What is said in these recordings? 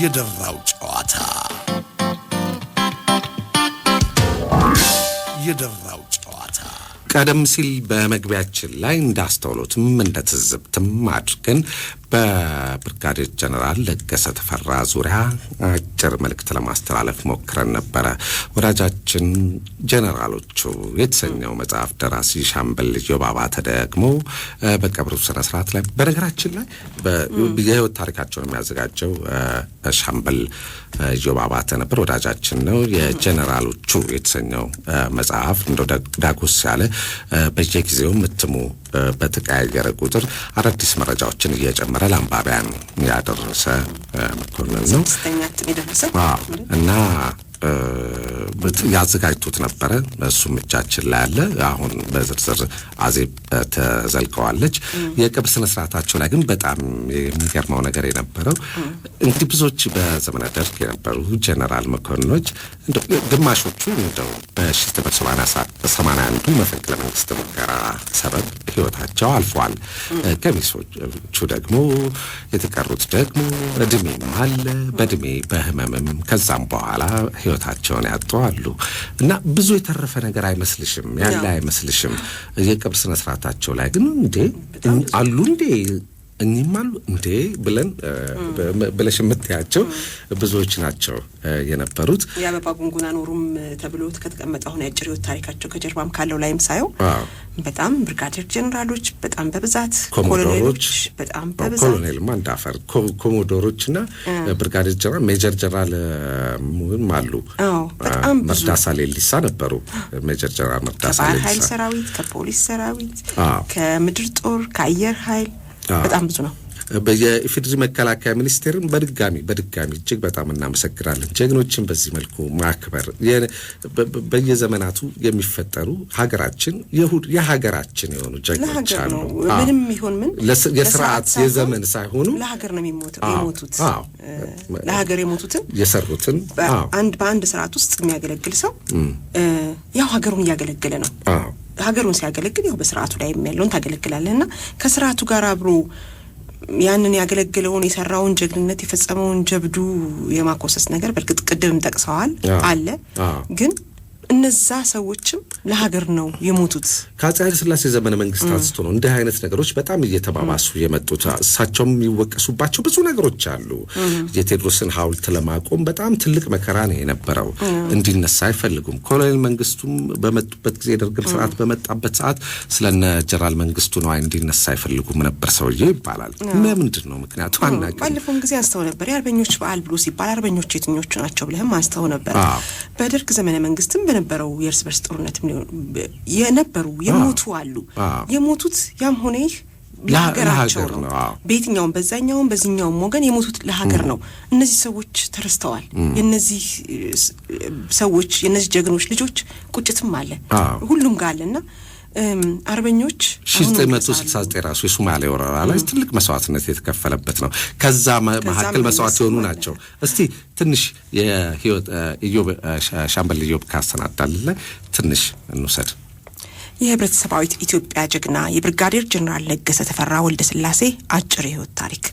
የደራው ጨዋታ የደራው ጨዋታ ቀደም ሲል በመግቢያችን ላይ እንዳስተውሎትም እንደ ትዝብትም አድርገን በብርጋዴር ጀነራል ለገሰ ተፈራ ዙሪያ አጭር መልእክት ለማስተላለፍ ሞክረን ነበረ። ወዳጃችን ጀነራሎቹ የተሰኘው መጽሐፍ ደራሲ ሻምበል ዮብ አባተ ደግሞ በቀብሩ ስነ ስርዓት ላይ በነገራችን ላይ የህይወት ታሪካቸውን የሚያዘጋጀው ሻምበል ዮብ አባተ ነበር። ወዳጃችን ነው። የጀነራሎቹ የተሰኘው መጽሐፍ እንደ ዳጎስ ያለ በየጊዜው ምትሙ በተቀያየረ ቁጥር አዳዲስ መረጃዎችን እየጨመረ ለአንባቢያን ያደረሰ መኮንን ነው እና ያዘጋጅቱት ነበረ። እሱም እጃችን ላይ አለ። አሁን በዝርዝር አዜብ ተዘልቀዋለች። የቀብር ስነ ስርዓታቸው ላይ ግን በጣም የሚገርመው ነገር የነበረው እንግዲህ ብዙዎች በዘመነ ደርግ የነበሩ ጀነራል መኮንኖች ግማሾቹ እንደው በ 1981 አንዱ መፈንቅለ መንግስት ሙከራ ሰበብ ህይወታቸው አልፏል። ገሚሶቹ ደግሞ የተቀሩት ደግሞ እድሜም አለ በእድሜ በህመምም ከዛም በኋላ ህይወታቸውን ያጡ አሉ እና ብዙ የተረፈ ነገር አይመስልሽም፣ ያለ አይመስልሽም። የቅብር ስነስርዓታቸው ላይ ግን እንዴ አሉ እንዴ እኚህም አሉ እንዴ ብለን ብለሽ የምትያቸው ብዙዎች ናቸው የነበሩት። የአበባ ጉንጉን አኖሩም ተብሎት ከተቀመጠ አሁን የአጭር ሕይወት ታሪካቸው ከጀርባም ካለው ላይም ሳየው በጣም ብርጋዴር ጀኔራሎች በጣም በብዛት ኮሎኔሎች፣ በጣም በብዛት ኮሎኔልማ እንዳፈር ኮሞዶሮችና ብርጋዴር ጀነራል፣ ሜጀር ጀነራል ሙም አሉ። በጣም መርዳሳ ሌሊሳ ነበሩ። ሜጀር ጀነራል መርዳሳ ሌሊሳ ከባህር ኃይል ሰራዊት፣ ከፖሊስ ሰራዊት፣ ከምድር ጦር፣ ከአየር ኃይል በጣም ብዙ ነው። የኢፌዴሪ መከላከያ ሚኒስቴርን በድጋሚ በድጋሚ እጅግ በጣም እናመሰግናለን። ጀግኖችን በዚህ መልኩ ማክበር በየዘመናቱ የሚፈጠሩ ሀገራችን የሀገራችን የሆኑ ጀግኖች አሉ። ምንም ይሁን ምን የስርዓት የዘመን ሳይሆኑ ለሀገር ነው የሞቱት። ለሀገር የሞቱትን የሰሩትን በአንድ ስርዓት ውስጥ የሚያገለግል ሰው ያው ሀገሩን እያገለገለ ነው። ሀገሩን ሲያገለግል ያው በስርዓቱ ላይ ያለውን ታገለግላለህ ና ከስርዓቱ ጋር አብሮ ያንን ያገለግለውን የሰራውን ጀግንነት የፈጸመውን ጀብዱ የማኮሰስ ነገር በእርግጥ ቅድምም ጠቅሰዋል አለ ግን እነዛ ሰዎችም ለሀገር ነው የሞቱት። ከአጼ ኃይለ ሥላሴ ዘመነ መንግስት አንስቶ ነው እንዲህ አይነት ነገሮች በጣም እየተባባሱ የመጡት። እሳቸውም የሚወቀሱባቸው ብዙ ነገሮች አሉ። የቴዎድሮስን ሐውልት ለማቆም በጣም ትልቅ መከራ ነው የነበረው። እንዲነሳ አይፈልጉም። ኮሎኔል መንግስቱም በመጡበት ጊዜ የደርግም ስርዓት በመጣበት ሰዓት ስለነ ጀነራል መንግስቱ ነዋይ እንዲነሳ አይፈልጉም ነበር ሰውዬ ይባላል። ለምንድን ነው ምክንያቱ አናውቅም። ባለፈውም ጊዜ አንስተው ነበር የአርበኞች በዓል ብሎ ሲባል አርበኞች የትኞቹ ናቸው ብለህም አንስተው ነበር። በደርግ ዘመነ መንግስትም በነበረው የእርስ በርስ ጦርነት የነበሩ የሞቱ አሉ። የሞቱት ያም ሆነ ይህ ለሀገራቸው ነው። በየትኛውም በዛኛውም በዚኛውም ወገን የሞቱት ለሀገር ነው። እነዚህ ሰዎች ተረስተዋል። የነዚህ ሰዎች የነዚህ ጀግኖች ልጆች ቁጭትም አለ ሁሉም ጋር አለና አርበኞች ዘጠኝ ራሱ የሶማሌ ወረራ ላይ ትልቅ መስዋዕትነት የተከፈለበት ነው። ከዛ መካከል መስዋዕት የሆኑ ናቸው። እስቲ ትንሽ የህይወት ሻምበል ኢዮብ ካሰናዳልለ ትንሽ እንውሰድ። የህብረተሰባዊት ኢትዮጵያ ጀግና የብርጋዴር ጀኔራል ለገሰ ተፈራ ወልደ ስላሴ አጭር የህይወት ታሪክ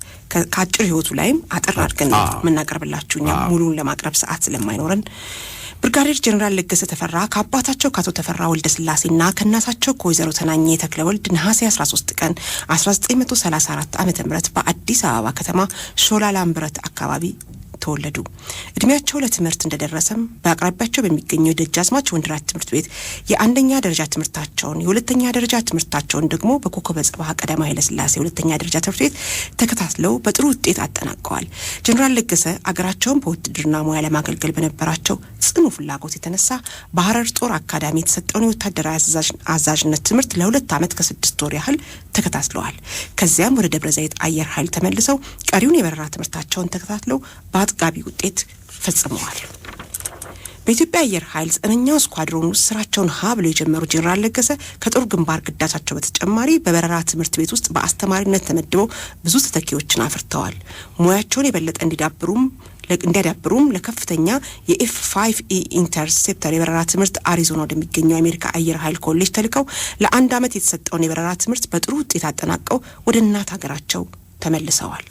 ከአጭር ህይወቱ ላይም አጠር አድርገን የምናቀርብላችሁ እኛ ሙሉን ለማቅረብ ሰዓት ስለማይኖረን ብርጋዴር ጀኔራል ለገሰ ተፈራ ከአባታቸው ከአቶ ተፈራ ወልደ ስላሴና ከእናታቸው ከወይዘሮ ተናኘ ወልድ ነሐሴ 13 ቀን 1934 ዓ ም በአዲስ አበባ ከተማ ሾላ አካባቢ ተወለዱ። እድሜያቸው ለትምህርት እንደደረሰም በአቅራቢያቸው በሚገኘው የደጃዝማች ወንድራት ትምህርት ቤት የአንደኛ ደረጃ ትምህርታቸውን፣ የሁለተኛ ደረጃ ትምህርታቸውን ደግሞ በኮከበ ጽባህ ቀዳማዊ ኃይለስላሴ ሁለተኛ ደረጃ ትምህርት ቤት ተከታትለው በጥሩ ውጤት አጠናቀዋል። ጀኔራል ለገሰ አገራቸውን በውትድርና ሙያ ለማገልገል በነበራቸው ጽኑ ፍላጎት የተነሳ በሐረር ጦር አካዳሚ የተሰጠውን የወታደራዊ አዛዥነት ትምህርት ለሁለት ዓመት ከስድስት ወር ያህል ተከታትለዋል። ከዚያም ወደ ደብረ ዘይት አየር ኃይል ተመልሰው ቀሪውን የበረራ ትምህርታቸውን ተከታትለው አጥጋቢ ውጤት ፈጽመዋል። በኢትዮጵያ አየር ኃይል ዘጠነኛው ስኳድሮን ውስጥ ስራቸውን ሀ ብሎ የጀመሩ ጄኔራል ለገሰ ከጦር ግንባር ግዳጃቸው በተጨማሪ በበረራ ትምህርት ቤት ውስጥ በአስተማሪነት ተመድበው ብዙ ተተኪዎችን አፍርተዋል። ሙያቸውን የበለጠ እንዲዳብሩም እንዲያዳብሩም ለከፍተኛ የኤፍ ፋይቭ ኢ ኢንተርሴፕተር የበረራ ትምህርት አሪዞና ወደሚገኘው የአሜሪካ አየር ኃይል ኮሌጅ ተልከው ለአንድ ዓመት የተሰጠውን የበረራ ትምህርት በጥሩ ውጤት አጠናቀው ወደ እናት ሀገራቸው ተመልሰዋል።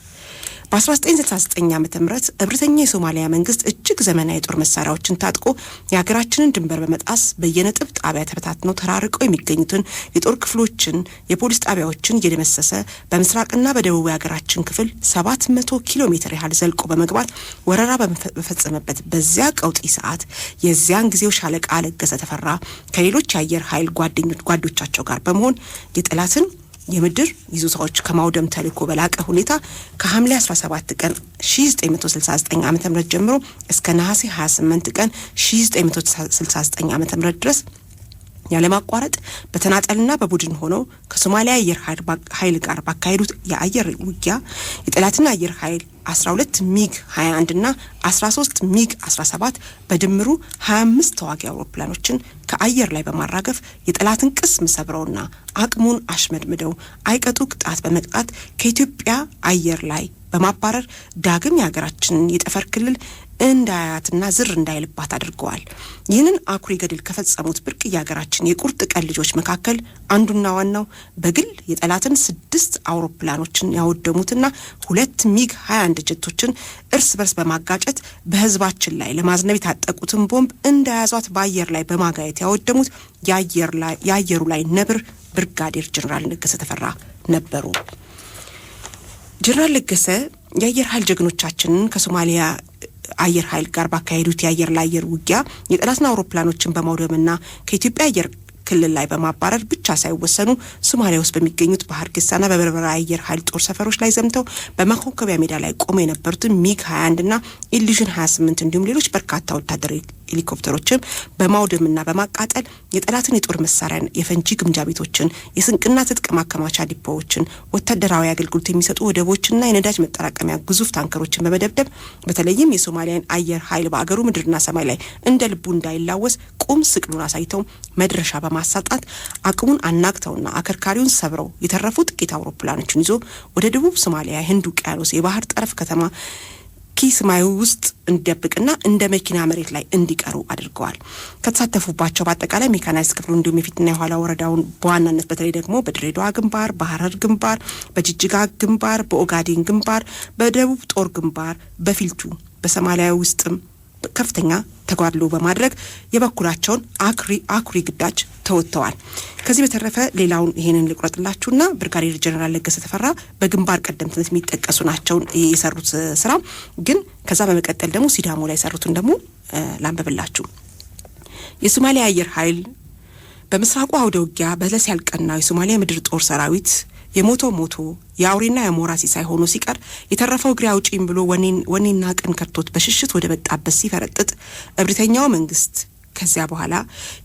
በ1969 ዓ ም እብሪተኛ የሶማሊያ መንግስት እጅግ ዘመናዊ የጦር መሳሪያዎችን ታጥቆ የሀገራችንን ድንበር በመጣስ በየነጥብ ጣቢያ ተበታትነው ተራርቀው የሚገኙትን የጦር ክፍሎችን፣ የፖሊስ ጣቢያዎችን እየደመሰሰ በምስራቅና በደቡብ የሀገራችን ክፍል 700 ኪሎ ሜትር ያህል ዘልቆ በመግባት ወረራ በፈጸመበት በዚያ ቀውጢ ሰዓት የዚያን ጊዜው ሻለቃ ለገሰ ተፈራ ከሌሎች የአየር ኃይል ጓዶቻቸው ጋር በመሆን የጠላትን የምድር ይዞታዎች ከማውደም ተልዕኮ በላቀ ሁኔታ ከሐምሌ 17 ቀን 1969 ዓ ም ጀምሮ እስከ ነሐሴ 28 ቀን 1969 ዓ ም ድረስ ያለማቋረጥ በተናጠልና በቡድን ሆነው ከሶማሊያ አየር ኃይል ጋር ባካሄዱት የአየር ውጊያ የጠላትን አየር ኃይል 12 ሚግ 21 እና 13 ሚግ 17 በድምሩ 25 ተዋጊ አውሮፕላኖችን ከአየር ላይ በማራገፍ የጠላትን ቅስም ሰብረውና አቅሙን አሽመድምደው አይቀጡ ቅጣት በመቅጣት ከኢትዮጵያ አየር ላይ በማባረር ዳግም የሀገራችንን የጠፈር ክልል እንዳያትና ዝር እንዳይልባት አድርገዋል። ይህንን አኩሪ ገድል ከፈጸሙት ብርቅ የሀገራችን የቁርጥ ቀን ልጆች መካከል አንዱና ዋናው በግል የጠላትን ስድስት አውሮፕላኖችን ያወደሙትና ሁለት ሚግ 21 ጀቶችን እርስ በርስ በማጋጨት በህዝባችን ላይ ለማዝነብ የታጠቁትን ቦምብ እንደያዟት በአየር ላይ በማጋየት ያወደሙት የአየሩ ላይ ነብር ብርጋዴር ጀኔራል ነገሰ ተፈራ ነበሩ። ጀኔራል ነገሰ የአየር ኃይል ጀግኖቻችንን ከሶማሊያ አየር ኃይል ጋር ባካሄዱት የአየር ለአየር ውጊያ የጠላትን አውሮፕላኖችን በማውደምና ከኢትዮጵያ አየር ክልል ላይ በማባረር ብቻ ሳይወሰኑ ሶማሊያ ውስጥ በሚገኙት ባህር ግሳና በበርበራ አየር ኃይል ጦር ሰፈሮች ላይ ዘምተው በማኮብኮቢያ ሜዳ ላይ ቆመው የነበሩትን ሚግ 21 ና ኢሊዥን 28 እንዲሁም ሌሎች በርካታ ወታደራዊ ሄሊኮፕተሮችን በማውደምና በማቃጠል የጠላትን የጦር መሳሪያን፣ የፈንጂ ግምጃ ቤቶችን፣ የስንቅና ትጥቅ ማከማቻ ዲፖዎችን፣ ወታደራዊ አገልግሎት የሚሰጡ ወደቦችና የነዳጅ መጠራቀሚያ ግዙፍ ታንከሮችን በመደብደብ በተለይም የሶማሊያን አየር ኃይል በአገሩ ምድርና ሰማይ ላይ እንደ ልቡ እንዳይላወስ ቁም ስቅሉን አሳይተው መድረሻ በማሳጣት አቅሙን አናግተውና አከርካሪውን ሰብረው የተረፉ ጥቂት አውሮፕላኖችን ይዞ ወደ ደቡብ ሶማሊያ ህንድ ውቅያኖስ የባህር ጠረፍ ከተማ ኪስ ማዩ ውስጥ እንዲደብቅና እንደ መኪና መሬት ላይ እንዲቀሩ አድርገዋል። ከተሳተፉባቸው በአጠቃላይ ሜካናይዝ ክፍሉ እንዲሁም የፊትና የኋላ ወረዳውን በዋናነት በተለይ ደግሞ በድሬዳዋ ግንባር፣ በሀረር ግንባር፣ በጅጅጋ ግንባር፣ በኦጋዴን ግንባር፣ በደቡብ ጦር ግንባር፣ በፊልቱ በሰማሊያ ውስጥም ከፍተኛ ተጓድሎ በማድረግ የበኩላቸውን አኩሪ ግዳጅ ተወጥተዋል። ከዚህ በተረፈ ሌላውን ይሄንን ልቁረጥላችሁና ብርጋዴር ጀኔራል ለገሰ ተፈራ በግንባር ቀደምትነት የሚጠቀሱ ናቸውን የሰሩት ስራ ግን ከዛ በመቀጠል ደግሞ ሲዳሞ ላይ የሰሩትን ደግሞ ላንበብላችሁ። የሶማሊያ አየር ኃይል በምስራቁ አውደ ውጊያ በለስ ያልቀናው የሶማሊያ ምድር ጦር ሰራዊት የሞቶ ሞቶ የአውሬና የሞራ ሲሳይ ሆኖ ሲቀር የተረፈው እግሬ አውጪኝ ብሎ ወኔና ቀን ከርቶት በሽሽት ወደ መጣበት ሲፈረጥጥ እብሪተኛው መንግስት ከዚያ በኋላ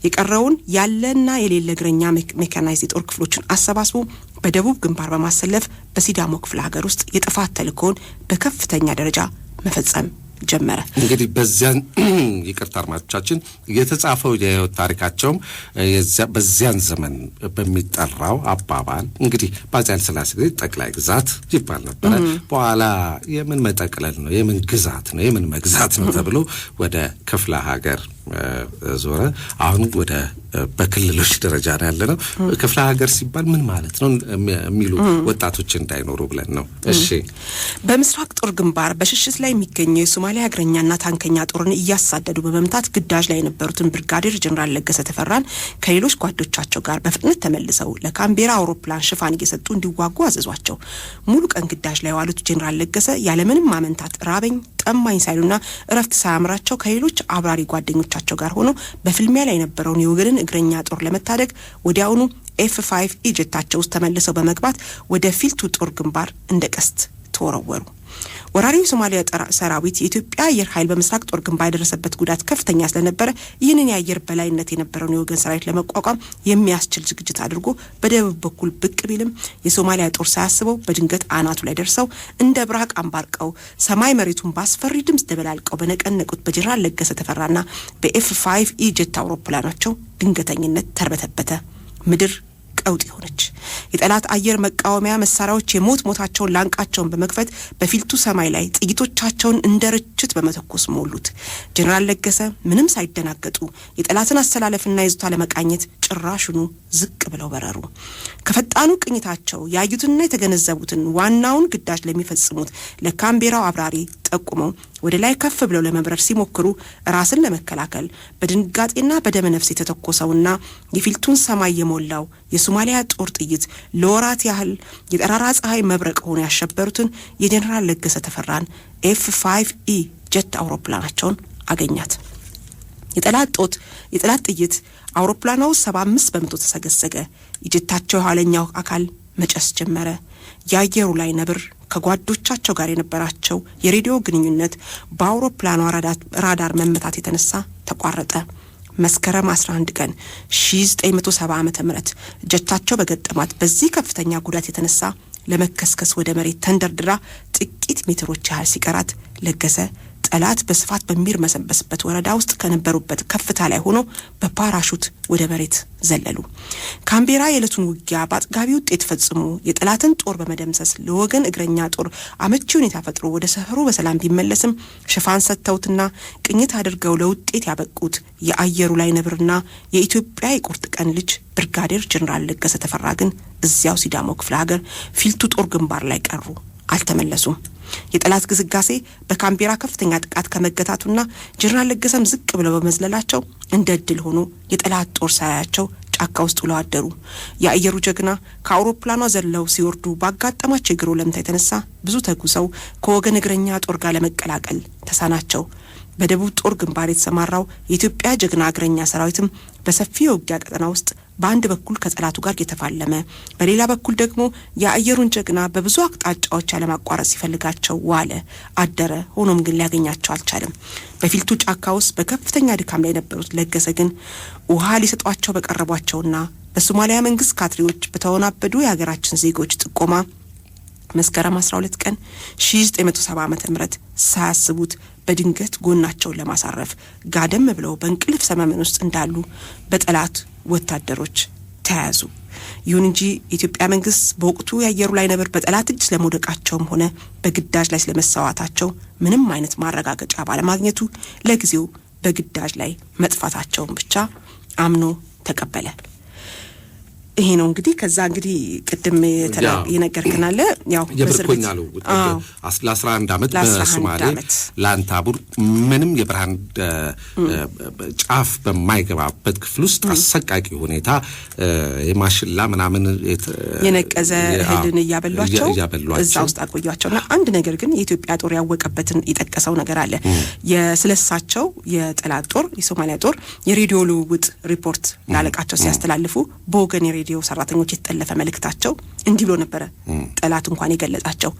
የቀረውን ያለና የሌለ እግረኛ ሜካናይዝ የጦር ክፍሎችን አሰባስቦ በደቡብ ግንባር በማሰለፍ በሲዳሞ ክፍለ ሀገር ውስጥ የጥፋት ተልእኮውን በከፍተኛ ደረጃ መፈጸም ጀመረ። እንግዲህ በዚያን ይቅርታ አድማጮቻችን፣ የተጻፈው የህይወት ታሪካቸውም በዚያን ዘመን በሚጠራው አባባል እንግዲህ በአፄ ኃይለሥላሴ ጊዜ ጠቅላይ ግዛት ይባል ነበረ። በኋላ የምን መጠቅለል ነው የምን ግዛት ነው የምን መግዛት ነው ተብሎ ወደ ክፍለ ሀገር ዞረ። አሁን ወደ በክልሎች ደረጃ ነው ያለ ነው። ክፍለ ሀገር ሲባል ምን ማለት ነው የሚሉ ወጣቶች እንዳይኖሩ ብለን ነው። እሺ፣ በምስራቅ ጦር ግንባር በሽሽት ላይ የሚገኘው የሶማሊያ እግረኛና ታንከኛ ጦርን እያሳደዱ በመምታት ግዳጅ ላይ የነበሩትን ብርጋዴር ጀኔራል ለገሰ ተፈራን ከሌሎች ጓዶቻቸው ጋር በፍጥነት ተመልሰው ለካምቤራ አውሮፕላን ሽፋን እየሰጡ እንዲዋጉ አዘዟቸው። ሙሉ ቀን ግዳጅ ላይ የዋሉት ጀኔራል ለገሰ ያለምንም ማመንታት ራበኝ ጠማኝ ሳይሉና እረፍት ሳያምራቸው ከሌሎች አብራሪ ጓደኞች ከአጋሮቻቸው ጋር ሆኖ በፍልሚያ ላይ የነበረውን የወገንን እግረኛ ጦር ለመታደግ ወዲያውኑ ኤፍ ፋይቭ ኢጀታቸው ውስጥ ተመልሰው በመግባት ወደ ፊልቱ ጦር ግንባር እንደ ቀስት ተወረወሩ። ወራሪ የሶማሊያ ሰራዊት የኢትዮጵያ አየር ኃይል በምስራቅ ጦር ግንባር የደረሰበት ጉዳት ከፍተኛ ስለነበረ ይህንን የአየር በላይነት የነበረውን የወገን ሰራዊት ለመቋቋም የሚያስችል ዝግጅት አድርጎ በደቡብ በኩል ብቅ ቢልም የሶማሊያ ጦር ሳያስበው በድንገት አናቱ ላይ ደርሰው እንደ ብራቅ አንባርቀው ሰማይ መሬቱን በአስፈሪ ድምፅ ደበላልቀው በነቀነቁት በጀራ ለገሰ ተፈራና በኤፍ ፋይቭ ኢጀት አውሮፕላናቸው ድንገተኝነት ተርበተበተ ምድር ቀውጢ የሆነች የጠላት አየር መቃወሚያ መሳሪያዎች የሞት ሞታቸውን ላንቃቸውን በመክፈት በፊልቱ ሰማይ ላይ ጥይቶቻቸውን እንደ ርችት በመተኮስ ሞሉት። ጀኔራል ለገሰ ምንም ሳይደናገጡ የጠላትን አሰላለፍና ይዞታ ለመቃኘት ጭራሹኑ ዝቅ ብለው በረሩ። ከፈጣኑ ቅኝታቸው ያዩትንና የተገነዘቡትን ዋናውን ግዳጅ ለሚፈጽሙት ለካምቤራው አብራሪ ጠቁመው ወደ ላይ ከፍ ብለው ለመብረር ሲሞክሩ ራስን ለመከላከል በድንጋጤና በደመ ነፍስ የተተኮሰውና የፊልቱን ሰማይ የሞላው የሶማሊያ ጦር ጥይት ለወራት ያህል የጠራራ ፀሐይ መብረቅ ሆኖ ያሸበሩትን የጀኔራል ለገሰ ተፈራን ኤፍ ፋይቭ ኢ ጀት አውሮፕላናቸውን አገኛት። የጠላት ጦት የጠላት ጥይት አውሮፕላኗ ሰባ አምስት በመቶ ተሰገሰገ። የጀታቸው የኋለኛው አካል መጨስ ጀመረ። የአየሩ ላይ ነብር ከጓዶቻቸው ጋር የነበራቸው የሬዲዮ ግንኙነት በአውሮፕላኗ ራዳር መመታት የተነሳ ተቋረጠ። መስከረም 11 ቀን 1970 ዓ ም እጀታቸው በገጠማት በዚህ ከፍተኛ ጉዳት የተነሳ ለመከስከስ ወደ መሬት ተንደርድራ ጥቂት ሜትሮች ያህል ሲቀራት ለገሰ ጠላት በስፋት በሚርመሰበስበት ወረዳ ውስጥ ከነበሩበት ከፍታ ላይ ሆኖ በፓራሹት ወደ መሬት ዘለሉ። ካምቤራ የዕለቱን ውጊያ በአጥጋቢ ውጤት ፈጽሞ የጠላትን ጦር በመደምሰስ ለወገን እግረኛ ጦር አመቺ ሁኔታ ፈጥሮ ወደ ሰፈሩ በሰላም ቢመለስም ሽፋን ሰጥተውትና ቅኝት አድርገው ለውጤት ያበቁት የአየሩ ላይ ነብርና የኢትዮጵያ የቁርጥ ቀን ልጅ ብርጋዴር ጀኔራል ለገሰ ተፈራ ግን እዚያው ሲዳሞ ክፍለ ሀገር ፊልቱ ጦር ግንባር ላይ ቀሩ። አልተመለሱም። የጠላት ግስጋሴ በካምቤራ ከፍተኛ ጥቃት ከመገታቱና ጀነራል ለገሰም ዝቅ ብለው በመዝለላቸው እንደ እድል ሆኖ የጠላት ጦር ሳያያቸው ጫካ ውስጥ ውለው አደሩ። የአየሩ ጀግና ከአውሮፕላኗ ዘለው ሲወርዱ ባጋጠማቸው የግር ለምታ የተነሳ ብዙ ተጉዘው ከወገን እግረኛ ጦር ጋር ለመቀላቀል ተሳናቸው። በደቡብ ጦር ግንባር የተሰማራው የኢትዮጵያ ጀግና እግረኛ ሰራዊትም በሰፊ የውጊያ ቀጠና ውስጥ በአንድ በኩል ከጠላቱ ጋር የተፋለመ፣ በሌላ በኩል ደግሞ የአየሩን ጀግና በብዙ አቅጣጫዎች ያለማቋረጥ ሲፈልጋቸው ዋለ አደረ። ሆኖም ግን ሊያገኛቸው አልቻለም። በፊልቱ ጫካ ውስጥ በከፍተኛ ድካም ላይ የነበሩት ለገሰ ግን ውሃ ሊሰጧቸው በቀረቧቸውና በሶማሊያ መንግስት ካድሬዎች በተወናበዱ የሀገራችን ዜጎች ጥቆማ መስከረም 12 ቀን 1970 ም ሳያስቡት በድንገት ጎናቸውን ለማሳረፍ ጋደም ብለው በእንቅልፍ ሰመመን ውስጥ እንዳሉ በጠላት ወታደሮች ተያዙ። ይሁን እንጂ የኢትዮጵያ መንግስት በወቅቱ የአየሩ ላይ ነበር በጠላት እጅ ስለመውደቃቸውም ሆነ በግዳጅ ላይ ስለመሰዋታቸው ምንም አይነት ማረጋገጫ ባለማግኘቱ ለጊዜው በግዳጅ ላይ መጥፋታቸውን ብቻ አምኖ ተቀበለ። ይሄ ነው እንግዲህ። ከዛ እንግዲህ ቅድም የነገርክናለ ያው የምርኮኛሉ ለአስራ አንድ አመት በሶማሌ ላንታቡር ምንም የብርሃን ጫፍ በማይገባበት ክፍል ውስጥ አሰቃቂ ሁኔታ የማሽላ ምናምን የነቀዘ እህልን እያበሏቸው እዛ ውስጥ አቆያቸው እና አንድ ነገር ግን የኢትዮጵያ ጦር ያወቀበትን የጠቀሰው ነገር አለ። የስለሳቸው የጠላት ጦር የሶማሊያ ጦር የሬዲዮ ልውውጥ ሪፖርት ላለቃቸው ሲያስተላልፉ በወገን ሬዲዮ ሰራተኞች የተጠለፈ መልእክታቸው እንዲህ ብሎ ነበረ። ጠላት እንኳን የገለጻቸው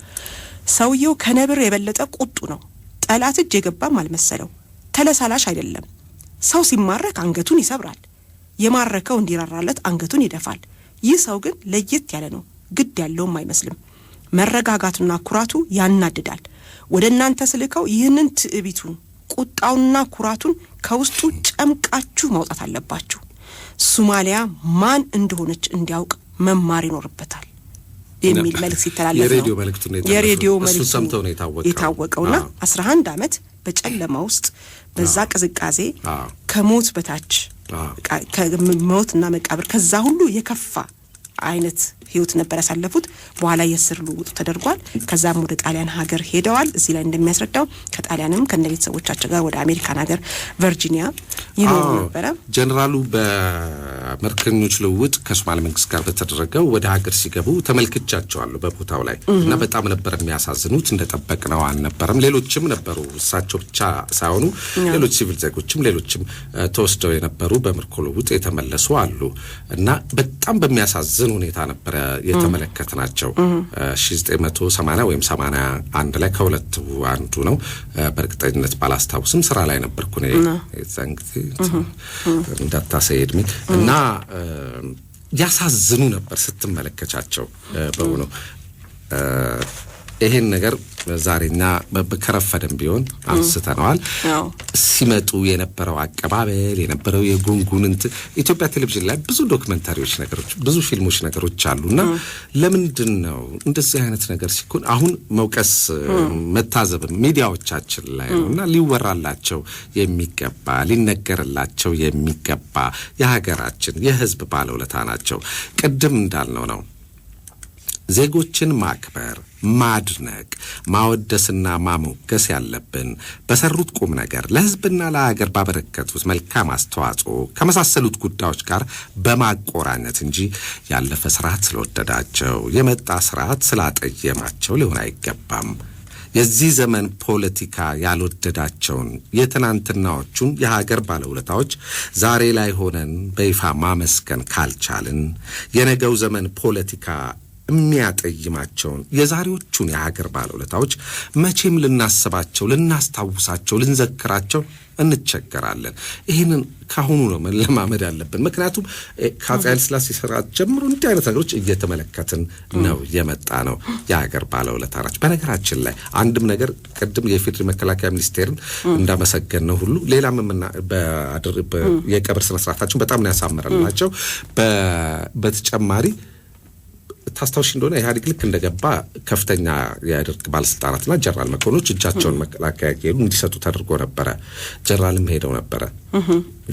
ሰውየው ከነብር የበለጠ ቁጡ ነው። ጠላት እጅ የገባም አልመሰለው። ተለሳላሽ አይደለም። ሰው ሲማረክ አንገቱን ይሰብራል፣ የማረከው እንዲራራለት አንገቱን ይደፋል። ይህ ሰው ግን ለየት ያለ ነው፣ ግድ ያለውም አይመስልም። መረጋጋቱና ኩራቱ ያናድዳል። ወደ እናንተ ስልከው ይህንን ትዕቢቱን ቁጣውና ኩራቱን ከውስጡ ጨምቃችሁ ማውጣት አለባችሁ። ሱማሊያ ማን እንደሆነች እንዲያውቅ መማር ይኖርበታል የሚል መልእክት ሲተላለፍ ነው። የሬዲዮ መልእክቱ የታወቀውና አስራ አንድ አመት በጨለማ ውስጥ በዛ ቅዝቃዜ ከሞት በታች ሞትና መቃብር ከዛ ሁሉ የከፋ አይነት ህይወት ነበር ያሳለፉት። በኋላ የስር ልውውጡ ተደርጓል። ከዛም ወደ ጣሊያን ሀገር ሄደዋል። እዚህ ላይ እንደሚያስረዳው ከጣሊያንም ከነ ቤተሰቦቻቸው ጋር ወደ አሜሪካን ሀገር ቨርጂኒያ ይኖሩ ነበረ። ጀኔራሉ በመርከኞች ልውውጥ ከሶማሌ መንግስት ጋር በተደረገው ወደ ሀገር ሲገቡ ተመልክቻቸዋለሁ በቦታው ላይ እና በጣም ነበር የሚያሳዝኑት። እንደጠበቅነው አልነበረም። ሌሎችም ነበሩ፣ እሳቸው ብቻ ሳይሆኑ ሌሎች ሲቪል ዜጎችም ሌሎችም ተወስደው የነበሩ በምርኮ ልውውጥ የተመለሱ አሉ እና በጣም በሚያሳዝን ሁኔታ ነበር የተመለከት ናቸው። 1980 ወይም 81 ላይ ከሁለቱ አንዱ ነው። በእርግጠኝነት ባላስታውስም ስራ ላይ ነበርኩ እኔ የዛን ጊዜ እንዳታሳይ እድሜ እና ያሳዝኑ ነበር ስትመለከቻቸው በሆነው ይሄን ነገር ዛሬና ከረፈደም ቢሆን አንስተነዋል። ሲመጡ የነበረው አቀባበል የነበረው የጉንጉንንት ኢትዮጵያ ቴሌቪዥን ላይ ብዙ ዶክመንታሪዎች ነገሮች፣ ብዙ ፊልሞች ነገሮች አሉ እና ለምንድን ነው እንደዚህ አይነት ነገር ሲኮን አሁን መውቀስ መታዘብ ሚዲያዎቻችን ላይ ነው እና ሊወራላቸው የሚገባ ሊነገርላቸው የሚገባ የሀገራችን የህዝብ ባለውለታ ናቸው። ቅድም እንዳልነው ነው ዜጎችን ማክበር፣ ማድነቅ፣ ማወደስና ማሞገስ ያለብን በሰሩት ቁም ነገር ለሕዝብና ለአገር ባበረከቱት መልካም አስተዋጽኦ ከመሳሰሉት ጉዳዮች ጋር በማቆራኘት እንጂ ያለፈ ስርዓት ስለወደዳቸው የመጣ ስርዓት ስላጠየማቸው ሊሆን አይገባም። የዚህ ዘመን ፖለቲካ ያልወደዳቸውን የትናንትናዎቹን የሀገር ባለውለታዎች ዛሬ ላይ ሆነን በይፋ ማመስገን ካልቻልን የነገው ዘመን ፖለቲካ የሚያጠይማቸውን የዛሬዎቹን የሀገር ባለውለታዎች መቼም ልናስባቸው፣ ልናስታውሳቸው፣ ልንዘክራቸው እንቸገራለን። ይህንን ከአሁኑ ነው መለማመድ ያለብን። ምክንያቱም ከአፄ ኃይለሥላሴ ስርዓት ጀምሮ እንዲህ አይነት ነገሮች እየተመለከትን ነው የመጣ ነው። የሀገር ባለውለታ ናቸው። በነገራችን ላይ አንድም ነገር ቅድም የፌዴራል መከላከያ ሚኒስቴርን እንዳመሰገን ነው ሁሉ ሌላም የቀብር ስነስርዓታችን በጣም ነው ያሳምረላቸው። በተጨማሪ ታስታውሽ እንደሆነ ኢህአዴግ ልክ እንደገባ ከፍተኛ የደርግ ባለስልጣናትና ጀነራል መኮንኖች እጃቸውን መከላከያ ሄዱ እንዲሰጡ ተደርጎ ነበረ። ጀነራልም ሄደው ነበረ።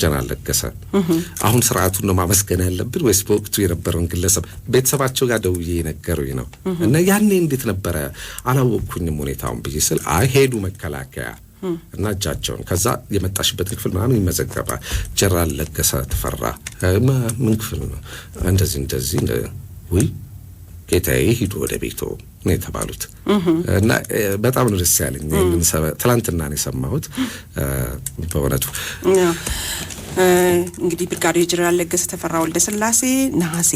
ጀነራል ለገሰ አሁን ስርዓቱን ነው ማመስገን ያለብን ወይስ በወቅቱ የነበረውን ግለሰብ? ቤተሰባቸው ጋር ደውዬ የነገሩኝ ነው እና ያኔ እንዴት ነበረ አላወቅኩኝም ሁኔታውን ብዬ ስል አይ ሄዱ መከላከያ እና እጃቸውን ከዛ የመጣሽበትን ክፍል ምናምን ይመዘገባል። ጀነራል ለገሰ ተፈራ ምን ክፍል ነው እንደዚህ እንደዚህ ውይ και τα έχει του Ολυμπικτού. ነው የተባሉት እና በጣም ነው ደስ ያለኝ። ይህንን ትላንትና ነው የሰማሁት። በእውነቱ እንግዲህ ብርጋዴር ጄኔራል ለገሰ ተፈራ ወልደ ስላሴ ነሐሴ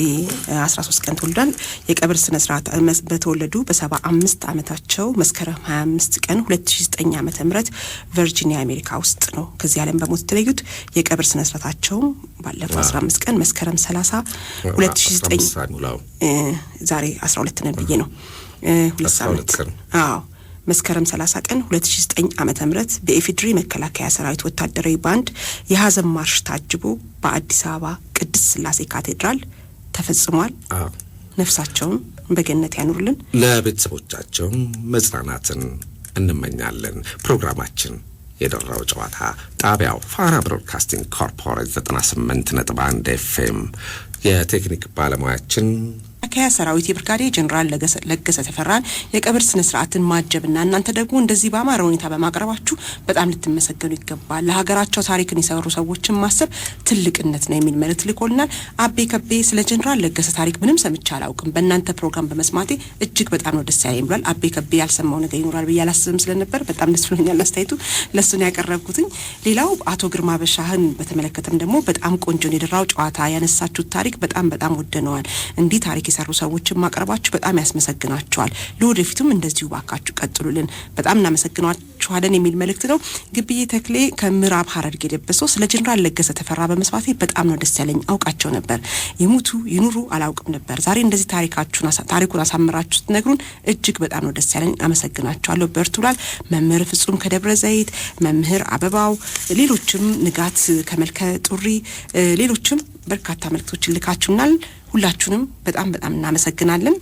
13 ቀን ተወልዷል። የቀብር ስነ ስርዓት በተወለዱ በሰባ 75 ዓመታቸው መስከረም 25 ቀን 2009 ዓ.ም ቨርጂኒያ አሜሪካ ውስጥ ነው ከዚህ ዓለም በሞት የተለዩት። የቀብር ስነ ስርዓታቸው ባለፈው 15 ቀን መስከረም 30 2009 ዛሬ 12 ነን ብዬ ነው ሁለት አዎ መስከረም 30 ቀን 2009 ዓመተ ምህረት በኢፌዴሪ መከላከያ ሰራዊት ወታደራዊ ባንድ የሀዘን ማርሽ ታጅቦ በአዲስ አበባ ቅድስት ስላሴ ካቴድራል ተፈጽሟል። ነፍሳቸውን በገነት ያኑርልን። ለቤተሰቦቻቸውም መጽናናትን እንመኛለን። ፕሮግራማችን የደራው ጨዋታ ጣቢያው ፋና ብሮድካስቲንግ ኮርፖሬት 98 ነጥብ 1 ኤፍኤም የቴክኒክ ባለሙያችን መከላከያ ሰራዊት የብርጋዴ ጀኔራል ለገሰ ተፈራን የቀብር ስነ ስርዓትን ማጀብና እናንተ ደግሞ እንደዚህ በአማረ ሁኔታ በማቅረባችሁ በጣም ልትመሰገኑ ይገባል። ለሀገራቸው ታሪክን የሰሩ ሰዎችን ማሰብ ትልቅነት ነው የሚል መልእክት ልኮልናል። አቤ ከቤ ስለ ጀኔራል ለገሰ ታሪክ ምንም ሰምቼ አላውቅም። በእናንተ ፕሮግራም በመስማቴ እጅግ በጣም ነው ደስ ያለኝ ብሏል። አቤ ከቤ ያልሰማው ነገር ይኖራል ብዬ አላስብም ስለነበር በጣም ደስ ብሎኛል። አስተያየቱ ለሱን ያቀረብኩትኝ። ሌላው አቶ ግርማ በሻህን በተመለከተም ደግሞ በጣም ቆንጆን የደራው ጨዋታ ያነሳችሁት ታሪክ በጣም በጣም ወደነዋል። እንዲህ ታሪክ የሰሩ ሰዎችን ማቅረባችሁ በጣም ያስመሰግናቸዋል። ለወደፊቱም እንደዚሁ ባካችሁ ቀጥሉልን። በጣም እናመሰግናል። እናመሰግናችኋለን የሚል መልእክት ነው። ግብዬ ተክሌ ከምዕራብ ሀረርጌ ደብሶ ስለ ጀኔራል ለገሰ ተፈራ በመስፋቴ በጣም ነው ደስ ያለኝ። አውቃቸው ነበር ይሙቱ ይኑሩ አላውቅም ነበር። ዛሬ እንደዚህ ታሪኩን አሳምራችሁ ስትነግሩን እጅግ በጣም ነው ደስ ያለኝ። አመሰግናችኋለሁ። በርቱ ብሏል መምህር ፍጹም ከደብረ ዘይት፣ መምህር አበባው፣ ሌሎችም ንጋት ከመልከ ጡሪ፣ ሌሎችም በርካታ መልእክቶችን ልካችሁናል። ሁላችሁንም በጣም በጣም እናመሰግናለን።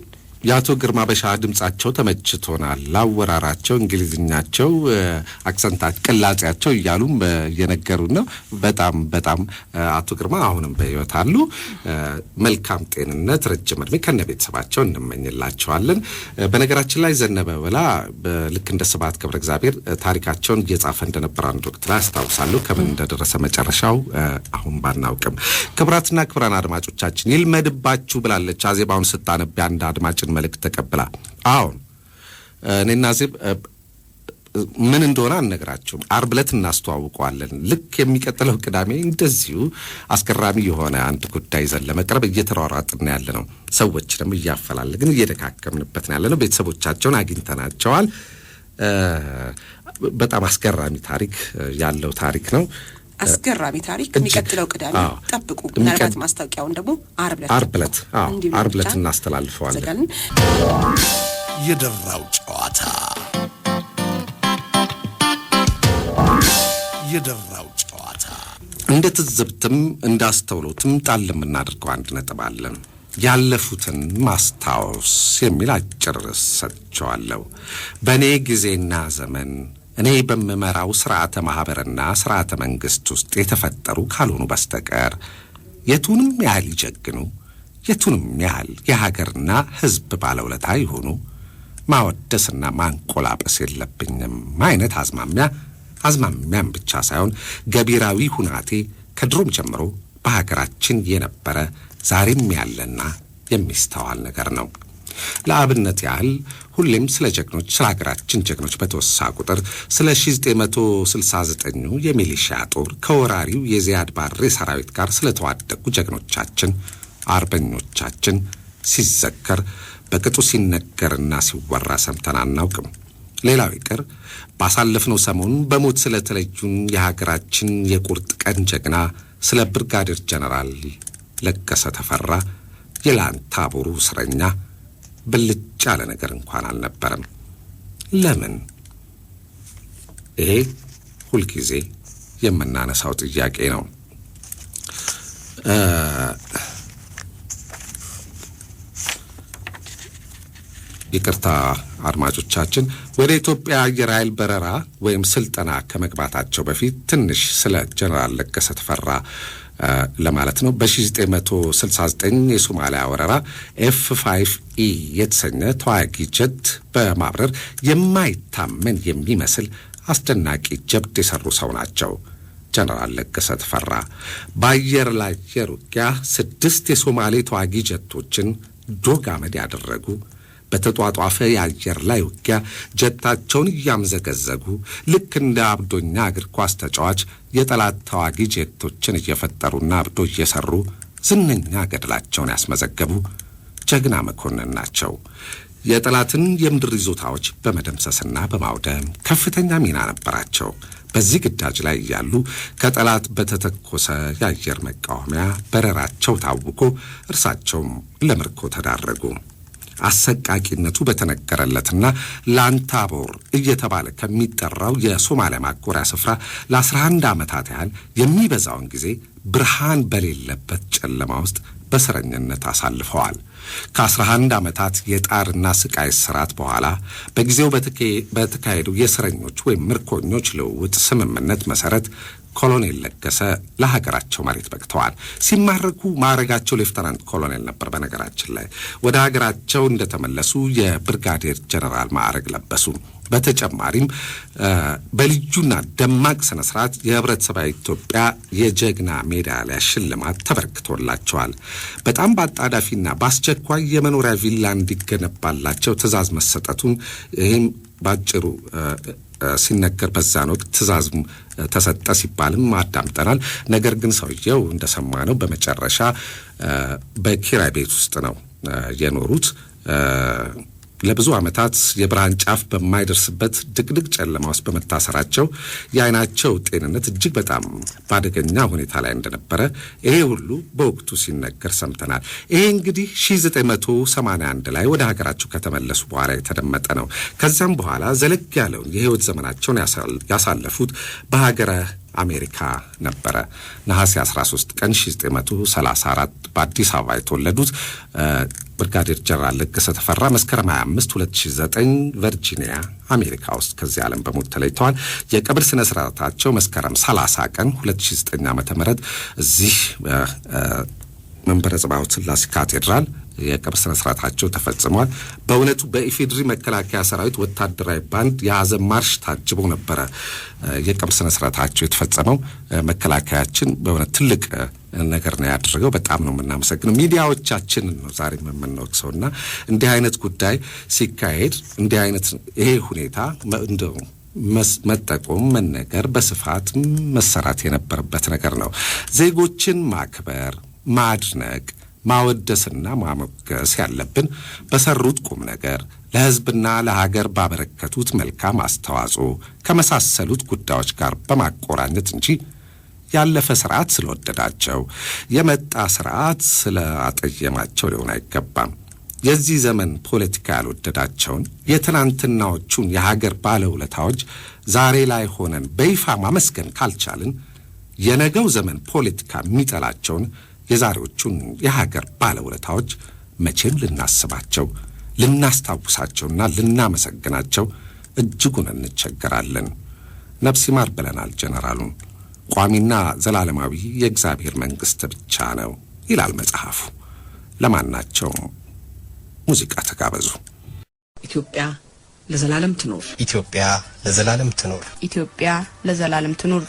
የአቶ ግርማ በሻ ድምጻቸው ተመችቶናል። ላወራራቸው፣ እንግሊዝኛቸው፣ አክሰንታት፣ ቅላጼያቸው እያሉም እየነገሩን ነው። በጣም በጣም አቶ ግርማ አሁንም በህይወት አሉ። መልካም ጤንነት፣ ረጅም እድሜ ከነ ቤተሰባቸው እንመኝላቸዋለን። በነገራችን ላይ ዘነበ ብላ ልክ እንደ ስብሐት ገብረ እግዚአብሔር ታሪካቸውን እየጻፈ እንደነበር አንድ ወቅት ላይ አስታውሳለሁ። ከምን እንደደረሰ መጨረሻው አሁን ባናውቅም፣ ክብራትና ክብራን አድማጮቻችን ይልመድባችሁ ብላለች አዜባውን ስታነብ አንድ አድማጭን መልእክት ተቀብላ አሁን እኔና ዜብ ምን እንደሆነ አንነግራችሁም። አርብ ዕለት እናስተዋውቀዋለን። ልክ የሚቀጥለው ቅዳሜ እንደዚሁ አስገራሚ የሆነ አንድ ጉዳይ ይዘን ለመቅረብ እየተሯሯጥን ያለ ነው። ሰዎች ደግሞ እያፈላለግን እየደካከምንበት ያለ ነው። ቤተሰቦቻቸውን አግኝተናቸዋል። በጣም አስገራሚ ታሪክ ያለው ታሪክ ነው። አስገራሚ ታሪክ የሚቀጥለው ቅዳሜ ጠብቁ። ምናልባት ማስታወቂያውን ደግሞ አርብ ዕለት አርብ ዕለት እናስተላልፈዋለን። የደራው ጨዋታ የደራው ጨዋታ እንደ ትዝብትም እንደ አስተውሎትም ጣል የምናደርገው አንድ ነጥብ አለን። ያለፉትን ማስታወስ የሚል አጭር ርዕስ ሰጥቼዋለሁ። በእኔ ጊዜና ዘመን እኔ በምመራው ሥርዓተ ማኅበርና ሥርዓተ መንግሥት ውስጥ የተፈጠሩ ካልሆኑ በስተቀር የቱንም ያህል ይጀግኑ፣ የቱንም ያህል የሀገርና ሕዝብ ባለውለታ ይሆኑ ማወደስና ማንቆላበስ የለብኝም አይነት አዝማሚያ አዝማሚያም ብቻ ሳይሆን ገቢራዊ ሁናቴ ከድሮም ጀምሮ በሀገራችን የነበረ ዛሬም ያለና የሚስተዋል ነገር ነው። ለአብነት ያህል ሁሌም ስለ ጀግኖች ስለ ሀገራችን ጀግኖች በተወሳ ቁጥር ስለ 1969ኙ የሚሊሻ ጦር ከወራሪው የዚያድ ባሬ ሰራዊት ጋር ስለተዋደቁ ጀግኖቻችን አርበኞቻችን ሲዘከር በቅጡ ሲነገርና ሲወራ ሰምተን አናውቅም። ሌላው ይቅር ባሳለፍነው ሰሞን በሞት ስለተለዩን የሀገራችን የቁርጥ ቀን ጀግና ስለ ብርጋዴር ጀነራል ለገሰ ተፈራ የላንታቦሩ እስረኛ ብልጭ ያለ ነገር እንኳን አልነበረም። ለምን? ይሄ ሁልጊዜ የምናነሳው ጥያቄ ነው። ይቅርታ አድማጮቻችን፣ ወደ ኢትዮጵያ አየር ኃይል በረራ ወይም ስልጠና ከመግባታቸው በፊት ትንሽ ስለ ጀነራል ለገሰ ተፈራ ለማለት ነው። በ1969 የሶማሊያ ወረራ ኤፍ 5 ኢ የተሰኘ ተዋጊ ጀት በማብረር የማይታመን የሚመስል አስደናቂ ጀብድ የሰሩ ሰው ናቸው ጀነራል ለገሰ ተፈራ። በአየር ላይ የሩቅያ ስድስት የሶማሌ ተዋጊ ጀቶችን ዶግ አመድ ያደረጉ በተጧጧፈ የአየር ላይ ውጊያ ጀታቸውን እያምዘገዘጉ ልክ እንደ አብዶኛ እግር ኳስ ተጫዋች የጠላት ተዋጊ ጀቶችን እየፈጠሩና አብዶ እየሰሩ ዝነኛ ገድላቸውን ያስመዘገቡ ጀግና መኮንን ናቸው። የጠላትን የምድር ይዞታዎች በመደምሰስና በማውደም ከፍተኛ ሚና ነበራቸው። በዚህ ግዳጅ ላይ እያሉ ከጠላት በተተኮሰ የአየር መቃወሚያ በረራቸው ታውቆ እርሳቸውም ለምርኮ ተዳረጉ። አሰቃቂነቱ በተነገረለትና ላንታቦር እየተባለ ከሚጠራው የሶማሊያ ማኮሪያ ስፍራ ለ11 ዓመታት ያህል የሚበዛውን ጊዜ ብርሃን በሌለበት ጨለማ ውስጥ በእስረኝነት አሳልፈዋል። ከ11 ዓመታት የጣርና ስቃይ ስርዓት በኋላ በጊዜው በተካሄዱ የእስረኞች ወይም ምርኮኞች ልውውጥ ስምምነት መሠረት ኮሎኔል ለገሰ ለሀገራቸው መሬት በቅተዋል። ሲማረኩ ማዕረጋቸው ሌፍተናንት ኮሎኔል ነበር። በነገራችን ላይ ወደ ሀገራቸው እንደተመለሱ የብርጋዴር ጀነራል ማዕረግ ለበሱ። በተጨማሪም በልዩና ደማቅ ስነ ስርዓት የህብረተሰባዊ ኢትዮጵያ የጀግና ሜዳሊያ ሽልማት ተበርክቶላቸዋል። በጣም በአጣዳፊና በአስቸኳይ የመኖሪያ ቪላ እንዲገነባላቸው ትዕዛዝ መሰጠቱን ይህም ባጭሩ ሲነገር በዛን ወቅት ትእዛዝ ተሰጠ ሲባልም አዳምጠናል። ነገር ግን ሰውየው እንደሰማ ነው በመጨረሻ በኪራይ ቤት ውስጥ ነው የኖሩት። ለብዙ ዓመታት የብርሃን ጫፍ በማይደርስበት ድቅድቅ ጨለማ ውስጥ በመታሰራቸው የአይናቸው ጤንነት እጅግ በጣም በአደገኛ ሁኔታ ላይ እንደነበረ ይሄ ሁሉ በወቅቱ ሲነገር ሰምተናል። ይሄ እንግዲህ ሺ አንድ ላይ ወደ ሀገራቸው ከተመለሱ በኋላ የተደመጠ ነው። ከዚያም በኋላ ዘለግ ያለውን የህይወት ዘመናቸውን ያሳለፉት በሀገረ አሜሪካ ነበረ። ነሐሴ 13 ቀን 1934 በአዲስ አበባ የተወለዱት ብርጋዴር ጀነራል ለገሰ ተፈራ መስከረም 25 2009 ቨርጂኒያ አሜሪካ ውስጥ ከዚህ ዓለም በሞት ተለይተዋል። የቀብር ስነ ስርዓታቸው መስከረም 30 ቀን 2009 ዓ ም እዚህ መንበረ ጸባኦት ሥላሴ ካቴድራል የቀብር ስነ ስርዓታቸው ተፈጽሟል። በእውነቱ በኢፌድሪ መከላከያ ሰራዊት ወታደራዊ ባንድ የሀዘን ማርሽ ታጅበው ነበረ የቀብር ስነ ስርዓታቸው የተፈጸመው። መከላከያችን በእውነት ትልቅ ነገር ነው ያደረገው። በጣም ነው የምናመሰግነው። ሚዲያዎቻችንን ነው ዛሬ የምንወቅሰው እና እንዲህ አይነት ጉዳይ ሲካሄድ እንዲህ አይነት ይሄ ሁኔታ እንደው መጠቆም መነገር በስፋት መሰራት የነበረበት ነገር ነው። ዜጎችን ማክበር ማድነቅ ማወደስና ማሞገስ ያለብን በሰሩት ቁም ነገር ለሕዝብና ለሀገር ባበረከቱት መልካም አስተዋጽኦ ከመሳሰሉት ጉዳዮች ጋር በማቆራኘት እንጂ ያለፈ ስርዓት ስለወደዳቸው የመጣ ስርዓት አጠየማቸው ሊሆን አይገባም። የዚህ ዘመን ፖለቲካ ያልወደዳቸውን የትናንትናዎቹን የሀገር ባለውለታዎች ዛሬ ላይ ሆነን በይፋ ማመስገን ካልቻልን የነገው ዘመን ፖለቲካ የሚጠላቸውን የዛሬዎቹን የሀገር ባለውለታዎች መቼም ልናስባቸው ልናስታውሳቸውና ልናመሰግናቸው እጅጉን እንቸገራለን። ነፍስ ይማር ብለናል ጀነራሉን። ቋሚና ዘላለማዊ የእግዚአብሔር መንግሥት ብቻ ነው ይላል መጽሐፉ። ለማናቸው ሙዚቃ ተጋበዙ። ኢትዮጵያ ለዘላለም ትኑር! ኢትዮጵያ ለዘላለም ትኑር! ኢትዮጵያ ለዘላለም ትኑር!